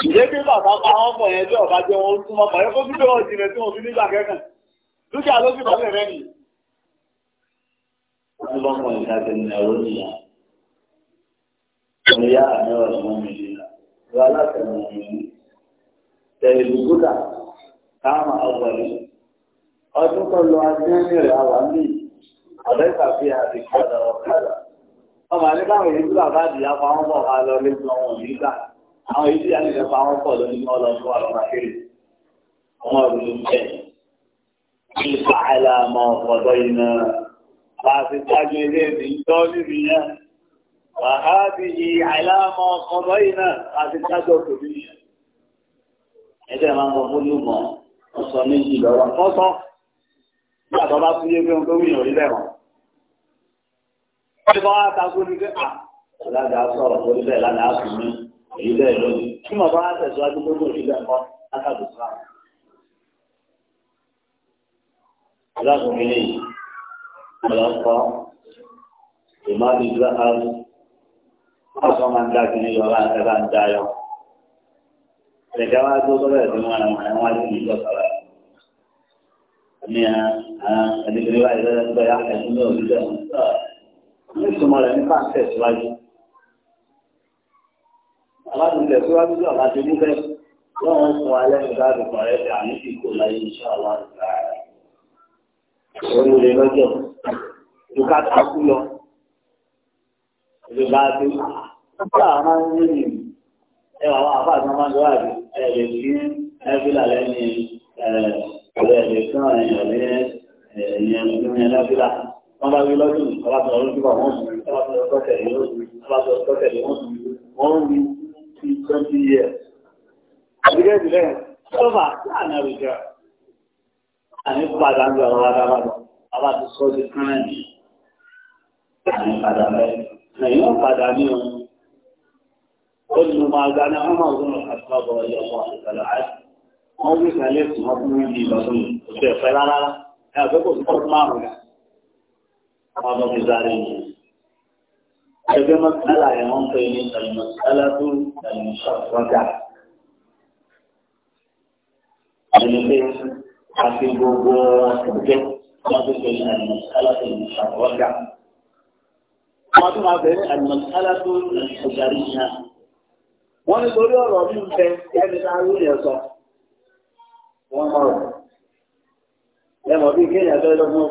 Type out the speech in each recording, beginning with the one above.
Ìyé bàbá pa wọ́n pọ̀ yẹn bí ọ̀bá jẹ́ wọn tún fún bíbẹ̀ ọ̀jì rẹ̀ tí wọ́n fi nígbà kẹ́kàn. Dúkìá ló sì bọ́lẹ̀ rẹ̀ nìyí. Wọ́n bá mọ ìdájọ́ ní ọ̀rọ̀ nìyà. Mo yá àmì ọ̀rọ̀ mọ́ mi nìyà. Wọ́n alátẹ̀mọ̀ mi ní. Tẹ̀lé Bùkútà, káàmà Ọdún tó lọ Adéhùn rẹ̀ àwà mí. Ọ̀dẹ́ ìsàfihàn àti kọ́dà ọ̀kadà. Ọmọ àníkàwé yìí bí bàbá àdìyá pa wọ́n bọ̀ ká lọ lé àwọn ìdí àlejò pa àwọn pọ̀ lórí ọlọ tó wà lọ́wọ́ akéèrè ọmọ ìlú jẹ́ ìfà àìlàmọ ọ̀dọ́ yìí náà bá a ti tájú ilé ìdí ìjọ níbi yẹn wàhálì yìí àìlàmọ ọ̀dọ́ yìí náà bá a ti tájú òkè bí yẹn. ẹgbẹ́ máa ń sọ fún lùmọ̀ wọ́n sọ méjì lọ́wọ́ wọ́n sọ nígbà tó bá tún yé pé nǹkan wíyàn orí bẹ́ẹ̀ mọ́. ti bá wá ta pé à sọ̀rọ̀ sórí bẹ́ẹ̀ lánàá fún èyí bẹ́ẹ̀ lónìí tí màá bá tẹ̀síwájú tó tó ìlú ẹ̀kọ́ látàdé sáà. ìlàkùn mi lèyí ọlọ́kọ́ ìmọ̀lẹ́ ìlú ààrẹ ọ̀sán máa ń dá kí ní yọ̀ọ́ ẹ̀ bá ń dá yọ. ẹ̀ka wá tó tọ́lá ẹ̀ fún wọn àwọn àwọn àti ìjọ sọ̀rọ̀ ẹ̀mí ẹ̀dẹ́gbẹ̀rẹ̀ wáyé lọ́dọ̀ ẹ̀dúnlẹ̀ òdúdẹ̀ ọ̀hún. ní ìsúnmọ́ rẹ̀ nípa tẹ̀síwájú aláàbùlẹ̀ tó wá dúdú àbájọ níbẹ̀ lọ́wọ́ ń fún alẹ́ nígbà àdùkọ rẹ̀ dà ní ìkó láyé iṣẹ́ àwọn àgbà rẹ̀. òun lè lọ́jọ́ ìka takú lọ ìlú bá dé nígbà máa ń rí nìyí ẹ wà wá àbá àtàwọn máa ń lọ àbí ẹ lè fi ẹbílà lẹ́ni ẹ ẹ lè fún ẹ̀yàn ní ẹ̀yàn ní ẹlẹ́bílà wọ́n bá wí lọ́dún ọlọ́dún ọlọ́dún bá wọ́n sùn ọlọ́dún ọlọ́dún tẹ̀lé wọ́n sùn ọlọ́dún ọlọ́dún tẹ̀lé wọ́n sùn wọ́n ń in 20 years. You guys learn. So far, I never hear. And if bad I'm going to whatever, about the source of energy. And bad I'm going to, you know, bad I'm going to, قل ما كان عمر بن الخطاب رضي الله تعالى عنه wọ́n wí ìsàlẹ̀ tí wọ́n fún ní ìbàdàn òṣèfẹ́ rárá ẹ̀ àgbẹ̀kọ̀ tó máa rẹ̀ wọ́n bọ́ mi sáré yìí ẹgbẹ́ mọ́sálà yẹn wọ́n pè ní àlùmọ́sálà tó àlùmọ́sàkọ́dà. ẹni pé àti gbogbo ọ̀sẹ̀ wọ́n tó pè ní àlùmọ́sálà tó àlùmọ́sàkọ́dà. wọ́n tún máa bẹ̀rẹ̀ àlùmọ́sálà tó àlùmọ́sàkọ́dà yẹn. wọ́n ní torí ọ̀rọ̀ mi ń bẹ ẹni tá a rí yẹn sọ. wọ́n mọ̀ rẹ̀. ẹ mọ̀ kéèyàn fẹ́ lọ́gbọ́n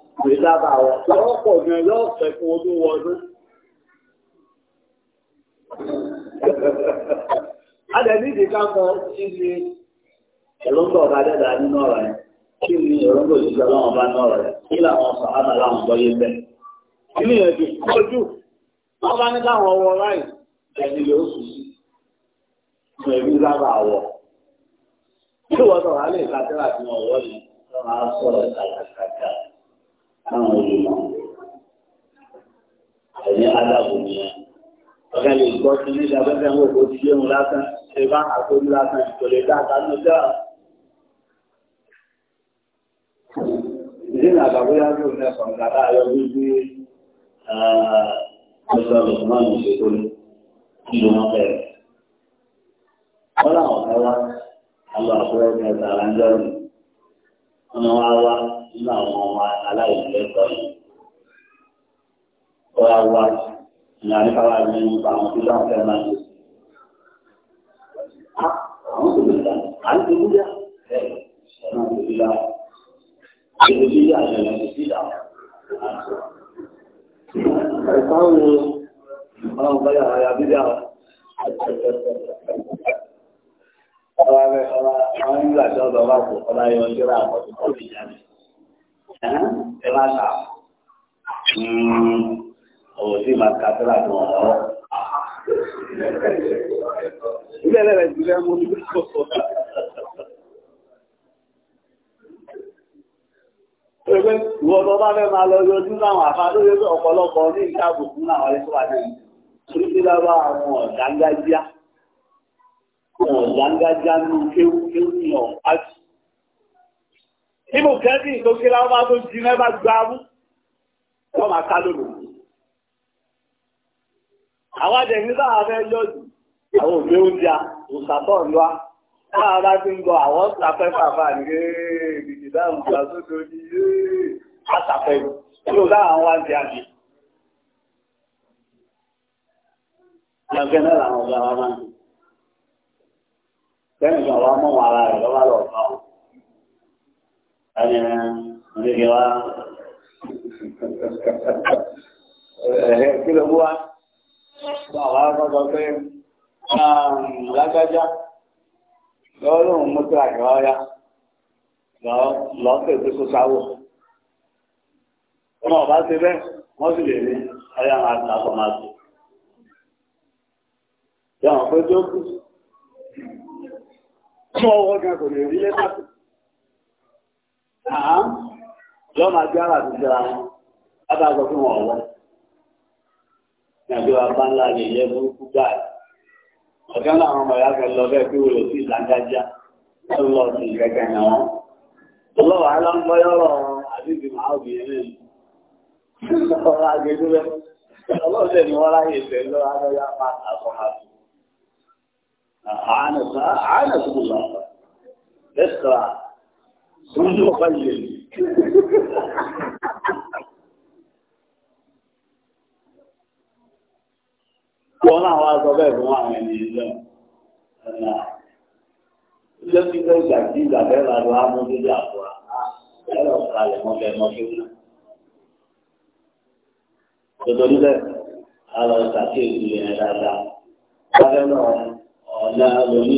lè dábàá wọn Wọ́n bá ní káwọn ọwọ́ láì ẹni lè ó sùn sí. Mo èmi lábàá wọ̀. Kí wọ́n sọ̀rọ̀ á lè ka tẹ́lá wọ́n yìí, wọ́n máa sọ̀rọ̀ kàkàkàkà káwọn olùmọ̀ ẹni adáàbò nìyẹn ọ̀gá lè gbọ́ sí ní ìdábẹ́fẹ́ ń wò kó ti yéhun lásán ṣe bá àkójú lásán ìtòlè dáadáa ní ọjọ́ ìdí ìrìn àgbàgbé yájú ní ẹ̀sán ìgbàdá ayọ̀ wípé ọjọ́ lùmọ́ọ̀nù ìṣètò kí ló wọ́n bẹ̀rẹ̀ wọ́n làwọn ọ̀gá wa alọ́ àkúrẹ́ ní ẹ̀sán àlàńjọ́rùn-ún ọmọ wa wá nínú àwọn ọmọ aláìlẹ́tọ̀ yìí. Ó yà wá ní àríkàwá ní nípa àwọn tí wọ́n fẹ́ máa ṣe. Ah, àwọn kò lè dà, à ń tẹ̀lé yá. Bẹ́ẹ̀ ṣe máa tẹ̀lé yá. Àgbègbè bí yá ṣe lè fi dà. Ẹ̀ka ń wo ọlọ́run bá yàrá bíbí àwọn. Ọlọ́run bá yàrá ya bíbí àwọn. Ọlọ́run bá yàrá ya bíbí àwọn ẹ hmm, ọ̀rọ̀ sí máa ka láti wọ̀n lọ́wọ́. Ìbẹ̀rẹ̀ rẹ̀ ìwọ̀n tó bá fẹ́ máa lọ yọjú láwọn àfa tó yẹ ọ̀pọ̀lọpọ̀ ní ìta àbùkù láwọn ẹni tó wà náà. Orí ti lábá àwọn ọ̀dángájíá. Àwọn ọ̀dángájíá ní kéwú kéwú ní ọ̀pájú. Ibò kẹ́bí tó kí láwọ́ bá tó jí mẹ́bà gbáàmú, wọ́n máa ká lòlò. Àwọn àjẹ̀yìn sáà fẹ́ yọjú, àwọn òbí oúnjẹ, òṣàtọ̀ ńlá, máa bá ti ń gọ àwọn ṣàfẹ́ fàfà ní èèdìdì dáhùn ìgbà sódò ní àṣàfẹ́ yóò láwọn wá jẹ àjẹ. Ìyàgbẹ́ náà làwọn ọ̀gá wa máa ń. Bẹ́ẹ̀ni ìgbà wa mọ̀ wọn ara rẹ̀ lọ́wọ́ lọ́wọ́ Oye, va. Kí ló mú wá? Bàbá àkọ́kọ́ pé lágbájá lọ́wọ́ lóun mú sí àgbà ọ̀yá lọ́ọ́ tẹ̀sí kó sáwò. Wọ́n ọ̀bá ti bẹ́ẹ̀, wọ́n sì lè ní ọyá máa ta ọkọ̀ máa àá yọ máa jẹ́ ara àti jẹ́ra wọn bàbá fún wọn ọ̀wọ́ nàìjíríà bá ńlá lè yẹ burúkú ọ̀gá ọmọ lọ bẹ́ẹ̀ lọ sí ìrẹ́kẹ̀ náà alámbọ́yọ́rọ̀ máa ọ̀rọ̀ wọ́n Ojú ọ̀pá ilẹ̀. fún àwọn ẹni ìjọ. Ẹ̀nà ilé tí ó gbà sí ìgbàgbẹ́ ìlànà amúdójú àbúrà náà ẹ̀rọ kalẹ̀ mọ́bẹ̀ mọ́bẹ̀ náà. Tòtò níbẹ̀, a lọ fẹ́ lọ ọ̀nà lórí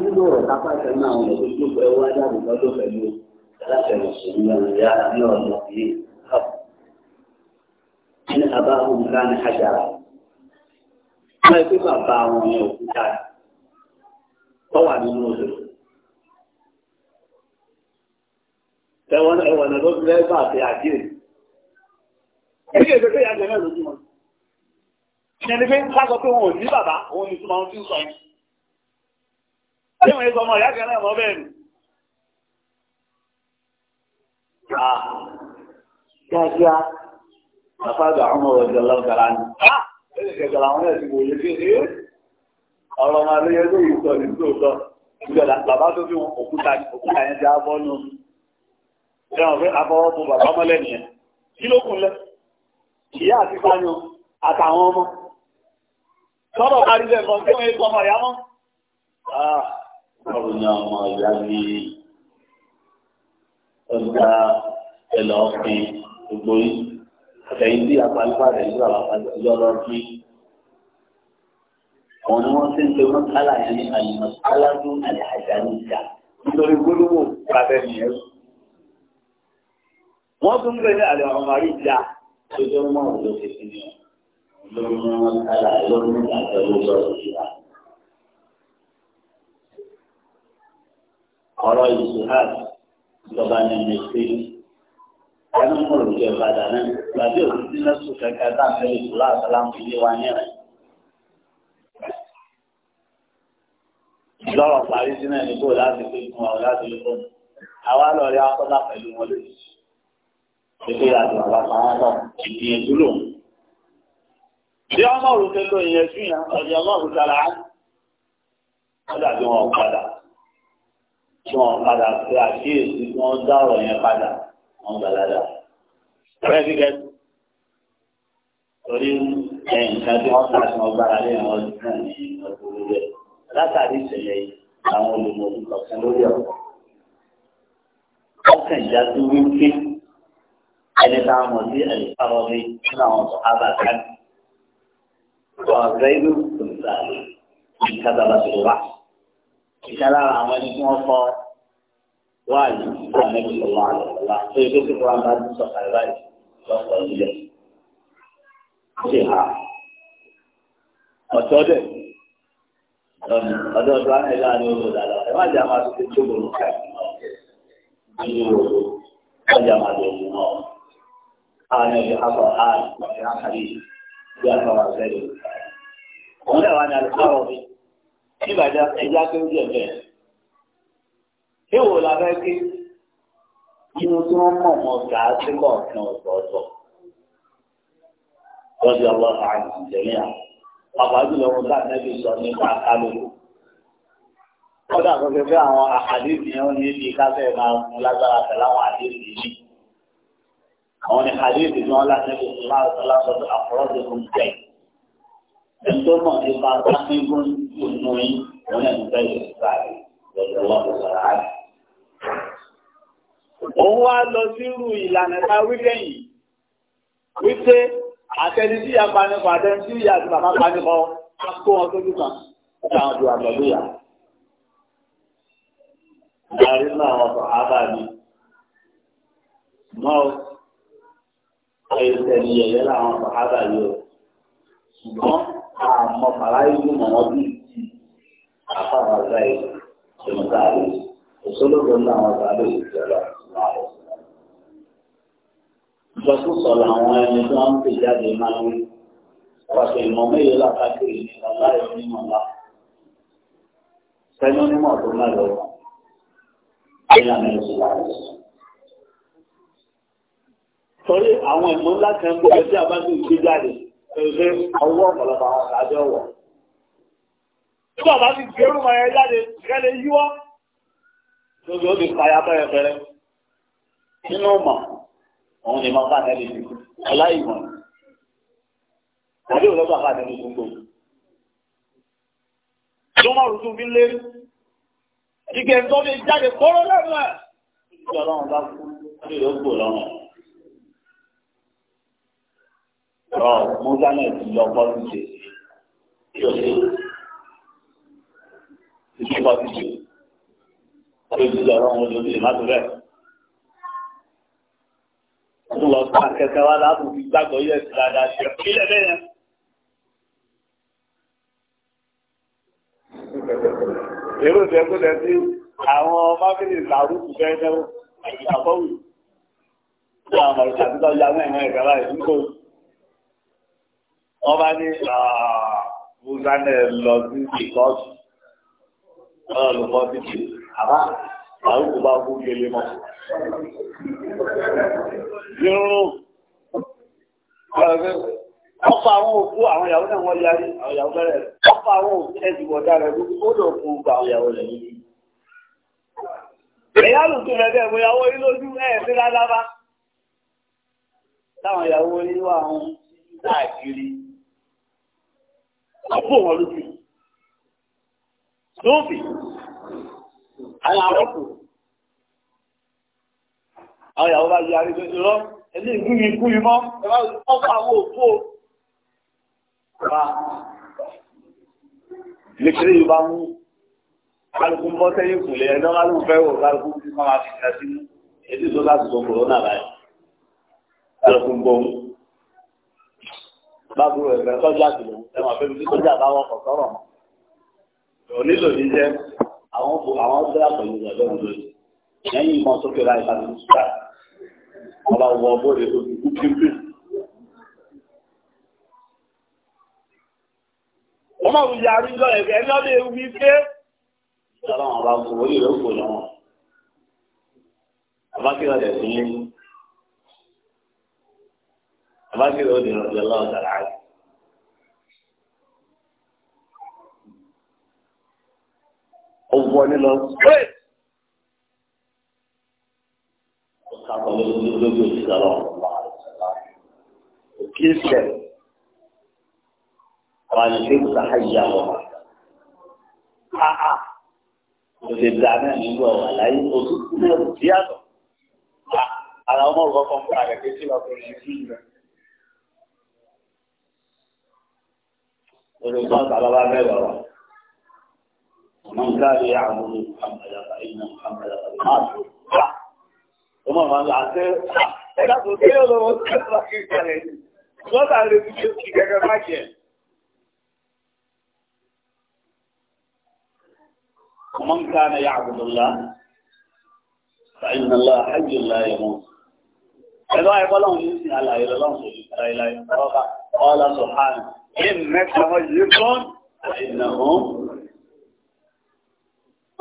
nínú ọ̀rọ̀ kápá ìtẹ́nu àwọn ọ̀dọ́ tó fẹ́ wá jáde lọ́dọ̀ pẹ̀lú aláṣẹ̀wò sùnmù ya ní ọ̀dọ̀ yìí kọ́p. ní abá òǹkà ní hajara. wọ́n yẹ kí bàbá wọn ní òkúta kọ́ wà nínú odò. ẹ̀wọ̀n ẹ̀wọ̀n ẹ̀dọ́ fi lẹ́gbà àti àdéhùn. èyí èdè pé yàgbẹ́ náà lójú ìyẹn ni pé ń sọ Ẹ̀wọ̀n ah. ah! Ọ̀rọ̀ ọmọ aléyẹ ló yìí ní tòótọ́. Ìjọba bàbá tó fi òkúta òkúta yẹn ti abọ́ nù. fẹ́ abọ́wọ́ bu bàbá mọ́lẹ̀ nìyẹn. Kí ló kún lẹ? Ìyá àti Fáyọ àtàwọn ọmọ. Sọ́dọ̀ báwo ni ọmọ ìyá ní ọjà ẹlọ ọ̀fìn gbogbo yìí àtẹ̀yìn tí apalúpà rẹ̀ nígbà bàbá ti yọ lọ sí. àwọn ni wọ́n ti ń pe mọ́kálà yẹn ní àyìnbó aládùn àti àjà ní ìjà nítorí gbólóhùn pàtẹ́ nìyẹn. wọ́n tún pè ní àlẹ́ ọmọ rí ìjà tó jẹ́ ọ lórí mọ́kálà lórí ìjà tó ló ọ̀rọ̀ ìṣèhàd ìjọba ní nàìjíríà ẹnu mọ̀rọ̀ jẹ́ ìbàdàn náà gbàdé òkú tí lẹ́sùn kẹ̀kẹ́ dáfẹ́ ìṣúlá àtàlámù ilé wa ní rẹ̀. lọ́rọ̀ parí sí náà ní kó láti pé fún ọ̀rọ̀ láti lè fún àwa lọ rí akọ́dà pẹ̀lú wọn lè ṣe àti bàbá pàwọn náà ìgbìyànjú lòun. bí ọmọ òrùkẹ́ lóyìn ẹ̀sùn yẹn ọ̀dẹ̀ ọmọ òrùkẹ́ tí wọ́n padà fi àkíyèsí tí wọ́n dá ọ̀rọ̀ yẹn padà wọ́n gbà ládàá. president torí nǹkan tí wọ́n tàbí wọn gbára lé wọn náà ní ọdún rẹ látàrí ìṣẹ̀lẹ̀ yìí àwọn olùmọ̀ọ́dún kọ̀ọ̀kan lórí ọ̀rọ̀. wọ́n kàn já sí wípé ẹni tá a mọ̀ sí ẹ̀lẹ́sàrọ̀ mi nínú àwọn sọ̀hábà kan. wọ́n rẹ́ ìlú kò sáré ìkásábà tó wà ìkan lára àwọn ẹni tí wọ́n kọ́ wá yìí kí wọ́n nẹ́bí sọ̀rọ̀ àlọ́ ọ̀la tó yẹ kí wọ́n bá ti sọ àlọ́ báyìí lọ́pọ̀ ilẹ̀ ṣe hà ọ̀tọ́ dẹ̀ ọ̀dọ́ ọ̀dọ́ ẹ̀dá ni ó lò dáadáa ẹ̀ má jẹ́ àwọn àtúntò tó lò káàkiri náà ní ìwòrò má jẹ́ àwọn àtúntò náà àwọn ẹ̀dá akọ̀ àti àkàrí bí àkàrà ọ̀sẹ̀ lò. òun náà wà ní àlùfáà ọ̀gbìn ìbàdàn ẹja tó ń jẹ bẹ́ẹ̀ èèwọ̀ la fẹ́ kí inú tí wọ́n mọ̀ mọ́ gà á sí kọ̀ọ̀kan ọ̀tọ̀ọ̀tọ̀ lọ́dún ọgbà àrùn ìjẹ̀lẹ̀ à bàbá jùlọ wọn bá nẹ́bí sọ nípa kálukú kọ́dà tó fẹ́ fẹ́ àwọn àdéhùn yẹn ní ibi káfẹ́ máa mú lágbára pẹ̀lú àwọn àdéhùn yìí àwọn ní àdéhùn tí wọ́n láti nẹ́bí sọ láti sọ láti sọ àfọ́rọ́dé fún jẹ́ ẹ̀ tó mọ̀ nípa sáfíngún jù nínú yín wọn náà ní bẹ́ẹ̀ yóò sáré lọ́dọ̀ wọn kò sọ̀rọ̀ àárẹ̀. òun wá lọ sírú ìlànà ta wíkẹ́ yìí wípé àtẹni tí ìyá panipọ̀ àtẹni tí ìyá àti bàbá panipọ̀ á kó wọn sójú kan láwọn ti wà pẹ̀lú ìyá. Ìdarí náà wọ́n sọ ábà mi. Mọ́ ẹ̀sẹ̀ ni yẹ̀yẹ́ làwọn sọ ábà yìí o. Ṣùgbọ́n àmọ́ fàlàyé ló mọ̀ wọ́n bí àfàwọn ọ̀gá yìí ṣùgbọ́n káàdì òṣòlógbò náà wọn bá lè ṣe ọ̀la láàrọ̀. ìjọkúsọ làwọn ẹni tí wọ́n ń pè jáde máa ń wí pàṣẹ ìmọ̀ mẹ́yẹ lákàkiri ní ọláyé onímọ̀ ńlá sẹ́ni onímọ̀ tó má lọ ìlànà ìṣù láàrọ̀. torí àwọn ìmọ̀ ńlá kan gbọ́dọ̀ tí a bá ti gbé jáde pé ọwọ́ ọ̀pọ̀lọpọ̀ àwọn tí bàbá ti gbérù mọ ẹ jáde kẹ́lẹ̀ yíwọ́ lórí ó lè fàyà pẹ́rẹpẹrẹ nínú mọ̀ òun ni màá fàtẹ́ lè dìbò ọláìmọ̀ àbí òun lọ́gbà fàtẹ́ lè dìbò. lọ́mọ rúdú fi lérí ìgbẹ́ ń tọ́lé jáde kọ́rọ́ lẹ́nu ẹ̀. ìjọ ọlọ́run bá kú lórí ó gbò lọ́rùn. Rọ̀ Mọ́sánà ti lọ bọ́ sí ṣe. Kí o ṣe ìdí kan ti jù ọdún ti lọ wọn ló lè má tó wọ́n lọ sí akẹ́kẹ́ wa láàbù fi gbàgbọ́ yẹ̀ sí dáadáa ṣe ìpínlẹ̀ bẹ́ẹ̀ yẹn. èrò ìdẹ́kùnlẹ̀ sí àwọn mákìlì làrúkù fẹ́ẹ́ dẹ́wọ́ àgbàkọ́wì tí àwọn ọmọ ìṣàtí tó ya mẹ́rin mẹ́rin kàrà ẹ̀ nígbò wọ́n bá ní ààbùsánẹ̀ ah, lọ sí ìkọ́sù olùkọ́ títí àbá àrùkù bá kú gẹ́lẹ́ mọ́. Irun ọ̀pọ̀ àwọn òkú àwọn ìyàwó náà wọ́n yarí àwọn ìyàwó bẹ̀rẹ̀ ọ̀pọ̀ àwọn òkú ẹ̀dùnkọ̀ dára ẹ̀dùn ó lò fún gba àwọn ìyàwó rẹ̀ yìí. Ìyá lùtù rẹ̀ bẹ́ẹ̀ mo yàwó yín lójú ẹ̀ sí Táwọn ìyàwó yín wà ń káàkiri. Ọ̀pọ̀ wọn lójú lóòfì àwọn àrọ́pù àwọn ìyàwó bá yí arí tuntun lọ ẹni ìgún mi gún mi mọ́ ẹ̀rọ ọkọ̀ àwọn òfò wa lẹ́kẹ̀rẹ́ yìí bá mú kálukú bọ́ sẹ́yìn kùlẹ̀ ẹ̀dọ́ kálukú fẹ́ wò kálukú fi máa ma fi ká sí ètò ìṣó láti sọ kòrónà báyìí kálukú bọ́ mú bá gbúrò ẹ̀rẹ́ tọ́jú àtìlẹ́wọ̀n ẹ̀wọ̀n fẹ́mi tí tọ́jú àbáwọ̀ kọ̀ sọ́rọ̀ mọ́ onílò ní jẹ́ àwọn àwọn ọ̀sẹ̀ àpọ̀lù ìgbàgbọ́ ìlú lẹ́yìn ìmọ̀ sókè láì bá tuntun sáà ọba wọ bóde tó fi kú kíkú. wọ́n máa wù yàrá ìjọ ẹ̀fẹ́ ẹ̀mí ọdún ewu bíi pé ọlọ́run ọba kò wọlé rẹ̀ kò lọ́wọ́ abákẹ́rẹ́ ọ̀dẹ̀ sí yé abákẹ́rẹ́ ọ̀dẹ̀ ọ̀dẹ̀ lọ́ọ̀dẹ̀ láàrín. ó wọlé lọ straight. ó sábọ̀ lórí òṣìṣẹ́ ọlọ́run kí n sẹ̀ àwọn àlejò ìgbàlá yà wọ́n ma. Aa ló lè da náà nígbà wà láyé oṣù tó lè rò sí àtọ̀. Àrà ọmọ òwò kan fún àgbẹ̀ kékeré ọkùnrin yìí fún ìgbà. Olùkọ́ àgbà bàbá mẹ́wàá wà. ومن كان يعبد محمدا فإن محمدا قد مات وما من ومن كان يعبد الله فإن الله حي لا يموت إذا يقولون يسمع الله لا إله الله قال سبحانه إنك ميت وإنهم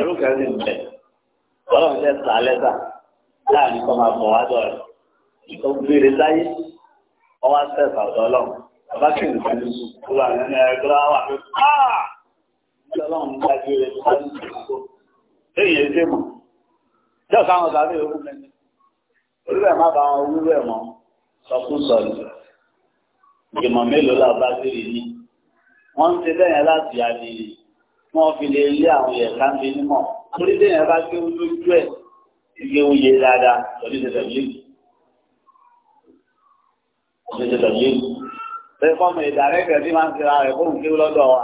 ẹrú kan sì ń bẹ̀ ọlọ́run jẹ́ sà lẹ́sà láàrin kọ́ máa bọ̀ wá dọ̀rẹ́ ìtọ́ gbére láyé ọwọ́ sẹ́ẹ̀sà ọ̀dọ́ ọlọ́run bàbá kì í fi kú wà nínú ẹgbẹ́ wà pé áà ah! ọlọ́run bá gbére láyé ìṣòro lẹ́yìn ẹgbẹ́ mọ̀ jọ́ káwọn sáré orú mẹ́ni orúbẹ̀ má bá wọn orúbẹ̀ mọ́ sọkúsọ ni ìgbìmọ̀ mélòó làbá gbére ní wọ́n ń ṣe bẹ́ẹ̀ láti adìyẹ wọ́n fi lè lé àwọn yẹn káńbé nímọ̀ torí lẹ́yìn bá gbé wọn lójú ẹ̀ ilé oyè dáadáa lọ́dí tẹ̀tẹ̀ léwu lọ́dí tẹ̀tẹ̀ léwu bẹ́ẹ̀ fọ́ọ̀mù ìdàrẹ́kẹ̀ tí máa ń sira rẹ̀ fóun kéwú lọ́dọ̀ wa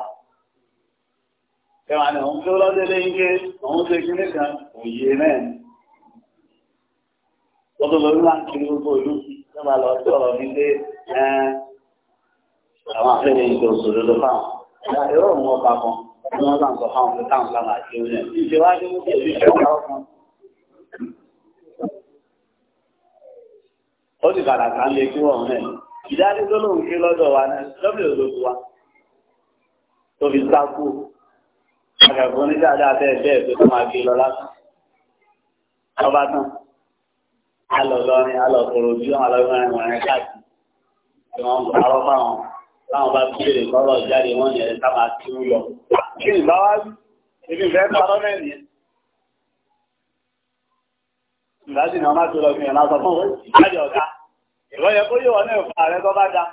kẹwàá ni òun kéwú lọ́dọ̀ lẹ́yìn pé òun ṣe kíní kan òye náà lọ́dọ̀ lórí máa ń kiri gbogbo ìlú lọ́ba lọ sọ̀rọ̀ ní pé àwọn afẹ́lẹ́yìn tó sòdodo fáwọn ìrọ̀rùn ọba tí wọ́n bá ń sọ fáwọn fún táwọn lára àti oúnjẹ ìṣèwádìí mú kí ìṣèwádìí ọkàn. ó sì padà kan lè kúrò ọ̀hún ẹ̀ ìdádúgbò lòun kí lọ́dọ̀ wa náà lọ́bìlì ológun wa tó fi sáàkù àgàgbọ́ ní dáadáa bẹ́ẹ̀ bẹ́ẹ̀ tó tó máa gbé lọ lásán ọba tán alọ̀ lọrin alọ̀ kòrò bí wọn alọ̀ ìwọ̀n ẹ̀wọ̀n ẹ̀ káàkiri tí wọ́n ń parọ́ fáwọn láwọn bá béèrè lọ́rọ̀ jáde wọ́n yẹ ká máa tí ó lọ. kí ni bá wá rí ebi ìfẹ́ parọ́ mẹ́rin yẹn. ìdájí ni wọ́n máa tó lọ fi hàn lásán fún òun ọ̀gá. ìwọ yẹ kó yé wọn náà fún ààrẹ tó bá da.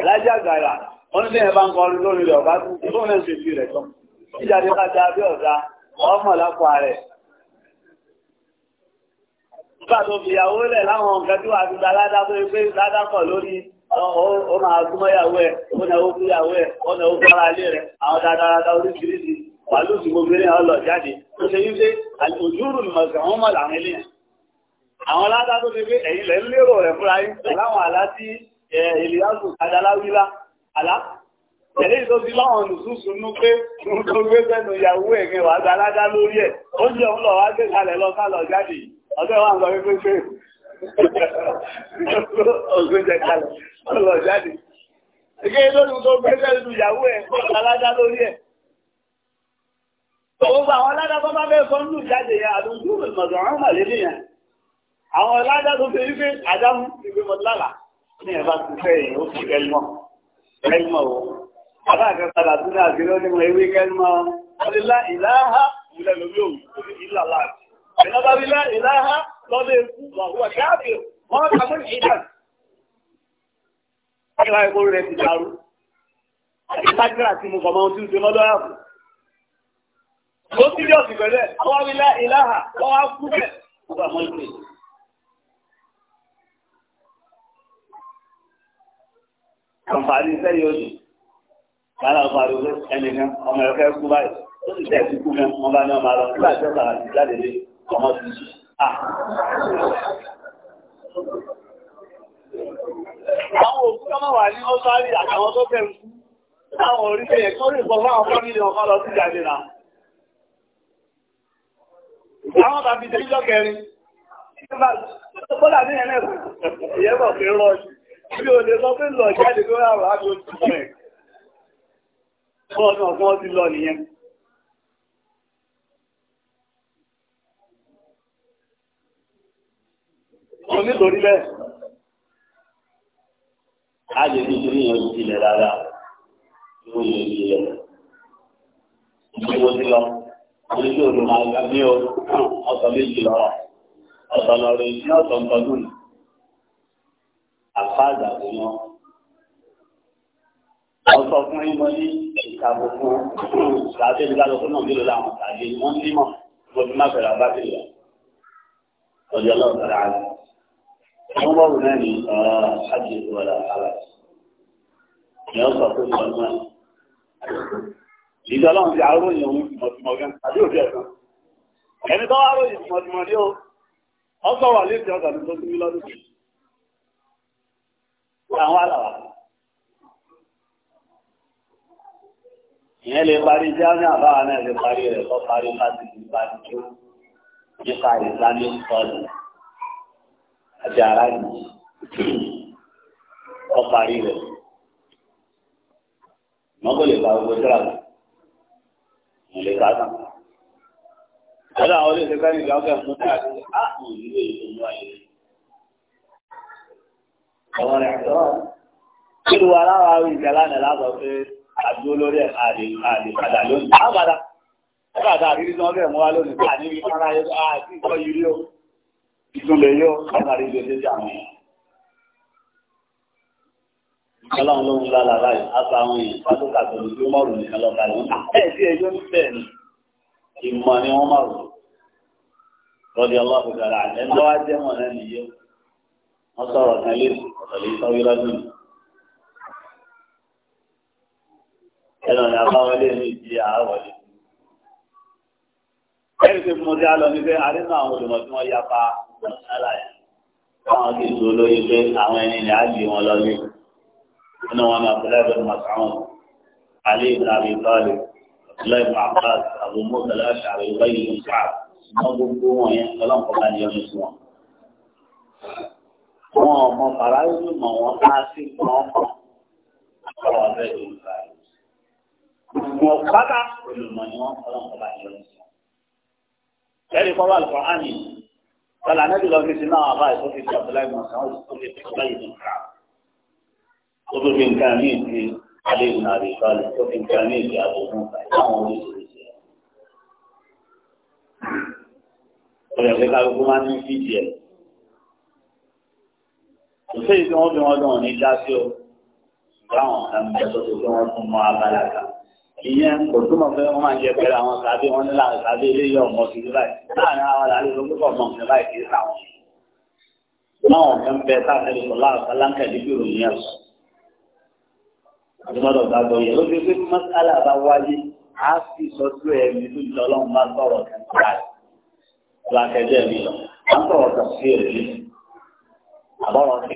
ìlàjì àgbàrá wọn ní ẹ bá ń kọrin lórí rẹ ọ̀gá tó fún náà ṣe fi rẹ̀ tán. ìjáde bá da bí ọ̀gá ọmọ lápò ààrẹ. nígbà tó fi ìyàwó lẹ̀ láwọn ó máa súnmọ́ ẹ̀ ó náà ó fún ẹ̀ ó náà ó fara ilé rẹ̀ àwọn dáadáa oríṣiríṣi wàlúù tí gbogbo eré ọlọ jáde tó ṣe yíṣe òjúrù mọ̀sán wọn mọ̀ làwọn eléyàn àwọn aládá tó ṣe pé ẹ̀yìn lẹ́ lérò rẹ̀ fúnra yín láwọn àlá tí èlìyàsù adaláwílá àlá tẹ̀lé tó ti láwọn olùsúsù pé tó gbé sẹ́nu ìyàwó ẹ̀gbẹ́ wà gba aládá lórí ẹ̀ ó jẹ́ òun lọ wá gbé kalẹ̀ lọ sálọ jáde ọ̀sẹ̀ wà ń sọ pé pé pé òṣèjẹ kalẹ̀ ọlọ́ jáde ẹgbẹ́ lórí tó gbẹ́sẹ̀ lu ìyàwó ẹ̀ aládá lórí ẹ̀ gbogbo àwọn aládá tó bá bẹ́ẹ̀ fọ́n lù jáde yẹn àdúgbò mọ̀tò àwọn màlẹ́lẹ́ yẹn àwọn aládá tó fẹ́ wípé àdámú ìgbé mọ̀tòlálà ní ẹ̀bá ti fẹ́ yẹn ó fi ẹlmọ̀ ẹlmọ̀ o bàbá àkẹ́kọ̀ọ́ àti ní àgbélé onímọ̀ ewé kẹ́lmọ̀ ọdílá ìláhà ìlẹ̀ lórí òun ìlàlá ìlọ́bàbílá ìláhà lọ́dẹ̀ ikú wà wọ́n kàmú ìdàn ẹ̀rọ ẹ̀kọ́ rẹ̀ ti dàrú àti sákìrà tí mo kọ̀ máa ń tún ṣe lọ́dọ̀ ààbò. ó sì bí ọ̀sìn pẹ̀lú ẹ̀ àwọn ilá ìláhà wọ́n á kú bẹ̀ ọba mọ́ ìpè. àǹfààní sẹ́yìn òní lára àǹfààní òní ẹnìkan ọmọ ẹ̀kọ́ ẹ̀kú báyìí ó sì tẹ̀ sí kú mẹ́ wọn bá ní ọmọ àlọ́ nígbà tí ó kàrà sí jáde lé ọmọ Àwọn òkú kọ́ wà ní ọ́sárì àtàwọn tó fẹ́ Àwọn oríṣẹ́ ẹ̀kọ́ rí ìfọ́ fáwọn fámílì ọ̀fá lọ sí ìjàdìrà. Àwọn tàbí ṣe ìjọ kẹrin. Bọ́lá ní ẹ̀rẹ́ láti fi kiri yẹn jilẹ̀ rárá yóò lè jilẹ̀ ìgbéwò ti lọ àwọn ìṣòro ló máa gbà bí o ọ̀sán méjì lọ́rọ̀ ọ̀sán lọ́rọ̀ èyí ní ọ̀sán tọdún ni àfáàdà kò mọ ọ̀sán fún yín mọ ní ìkàbọ̀ fún ṣàtẹ́ ìdíkà lọ fún náà bí tàbí wọ́n ní mọ̀ mo fi fẹ́ràn bá ti lọ ọjọ́ náà sọ̀rọ̀ àná wọ́n bá wù náà ní àjẹ ìwàlà ara ìyá ọ̀sán tó sọ náà. ìjọ ọlọ́run ti aróyìn òun tìmọ̀tìmọ̀ gan àbí òbí ẹ̀sán ẹni tó aróyìn tìmọ̀tìmọ̀ ní o ọ̀sán wà létí ọ̀sán tó tún lọ́dún sí àwọn àlàwà. ìyẹn lè parí jáde àbáwá náà lè parí rẹ̀ kọ́ parí láti fi parí tó nípa ìsánú sọ́ọ̀lù àti ara yìí ọparí rẹ̀ mọ́kò lè ka gbogbo tíra lọ mo lè ka tán lọ́dọ̀ àwọn olóòtú ká nìkan ọkẹ́ mú tíra sí á mú ìlú èyí tó mú ayé ọmọ rẹ̀ sọ kí ló wà láwọn àwọn ìjàlá nà lábọ̀ pé àbí olórí ẹ̀ àdè àdè padà lónìí àbàdà àbàdà àbí tí wọ́n fẹ́ wa lónìí àní ìfarayé àti ìkọ́ yìí rí o ìtúnlẹ̀ yọ látàrí ìgbésẹ̀ sí àwọn ọlọ́run ló ń lára láì aṣọ àwọn èèyàn pátó kàtó ní pé mọ́rùn nìkan ah, lọ́ka lọ́wọ́ ẹ̀ sí ẹjọ́ ní bẹ́ẹ̀ ni ìmọ̀ ni wọ́n mọ̀rùn lọ́dí ọlọ́run dára àlẹ́ ńlọ́ wá jẹ́ mọ̀ náà nìyẹn wọ́n sọ̀rọ̀ kan lé ọ̀tọ̀lẹ́ sọ́wé lọ́dún ẹnu ni abáwọlé ní ìdí àárọ̀lé ẹ̀rí pé mo ti á ní pé àrínà àwọn olùmọ̀ tí wọ́n yapa lọ́sàlà yẹn. Àwọn ti sọ lórí pé àwọn ẹni ní á gbé wọn lọ́lé. Nínú wọn ni Abdullahi bin Mas'ud, Ali ibn Abi Talib, Abdullahi bin Abbas, Abu Musa al-Ash'ari, Ubayy bin Ka'b. Wọ́n gbogbo wọn yẹn ọlọ́nkọ́ bá ní ọmọ sí wọn. Àwọn ọmọ Faraíwì mọ̀ wọn bá sí wọn kọ̀. Àwọn ọ̀rẹ́ ìlú Faraíwì. Gbogbo pátá olùmọ̀ ni wọ́n ọlọ́nkọ́ bá ní ọmọ sí Ẹ̀rí kọ́ wà lọ́kọ̀ Kọ́lá náà jùlọ fi sinú àwọn àbáyé tó fi ṣe Abdullahi Mọ̀sán tó fi ṣe Abdullahi bin Kra. Ó tó fi nǹkan ní ìdí Alé ibn Abi Talib tó fi nǹkan ní ìdí Àbùkù àwọn oríṣiríṣi. Ọ̀rẹ́ pé kálukú máa ní fíjì ẹ̀. Kò sí ìdí wọn fi wọn dùn ní dá sí o. Báwọn kan bẹ tó ti pé wọ́n tún mọ abala ìyẹn kò túmọ̀ pé wọ́n máa ń yẹ pẹ̀lú àwọn tàbí wọn nílà tàbí ilé yọ ọmọ kìí báyìí láàrin àwọn àlejò púpọ̀ mọ̀ ní báyìí kìí sàwọn. láwọn kan bẹ sáfẹ́rì sọlá àtàlánkà ní bírò yẹn sọ. àdúgbò gbàgbọ́ yẹn ló fi pé mọ́sálà bá wáyé á sì sọ sí ẹ̀mí tó jọ ọlọ́run bá sọ̀rọ̀ kan